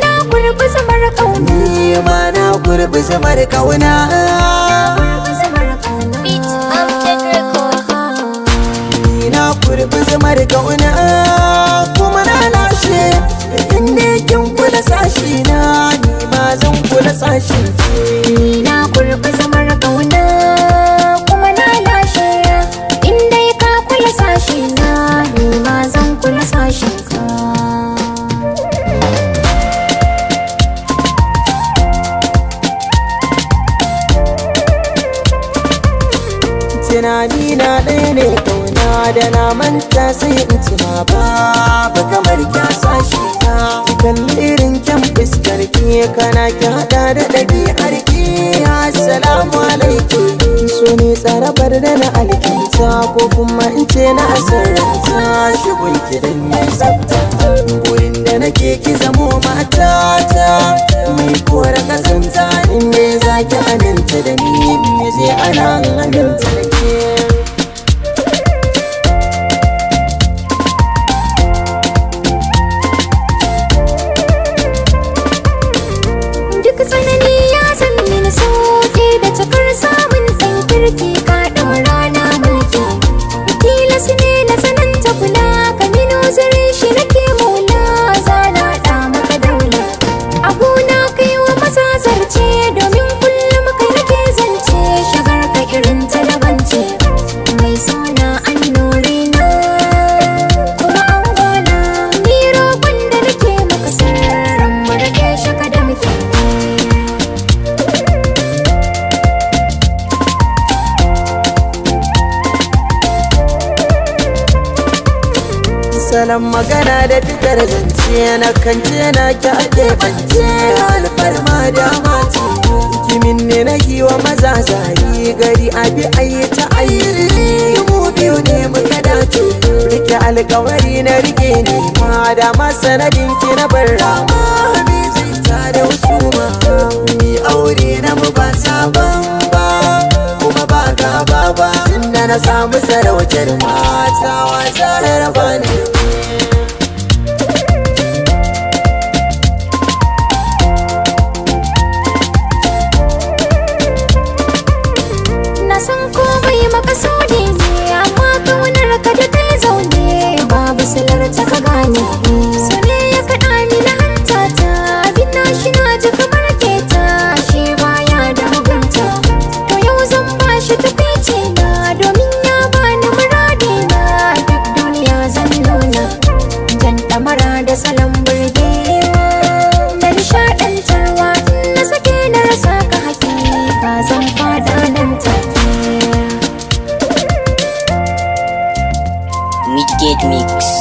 na kurbi zamar kauna ni ma na kurbi zamar kauna na kurbi zamar kauna kuma na lashe inda kin kula sashi na ni ma zan kula sashin ki na kurbi zamar kauna tunani na ɗaya ne kauna da na manta sai in ci ma ba kamar kya shi na ki kalli irin fuskar ki kana ki hada da ɗabi'ar arki assalamu alaikum so ne tsarabar da na alkinta ko kuma in ce na asiranta shigun ki dan mai tsafta burin da nake ki zamo mata salon magana da fitar zance na kance na ki ake bance alfarma da mati kimin ne na kiwa maza zari gari abi yi ta ayi mu biyu ne muka dace rike alkawari na rike ne ma da ma sanadin ki na bar rama zai zita da ma. mi aure na mu ba sabon ba kuma ba gaba ba inda na samu sarautar mata ne makasudi ne amma kaunar ka da ta zaune babu salar ta ka gane mix.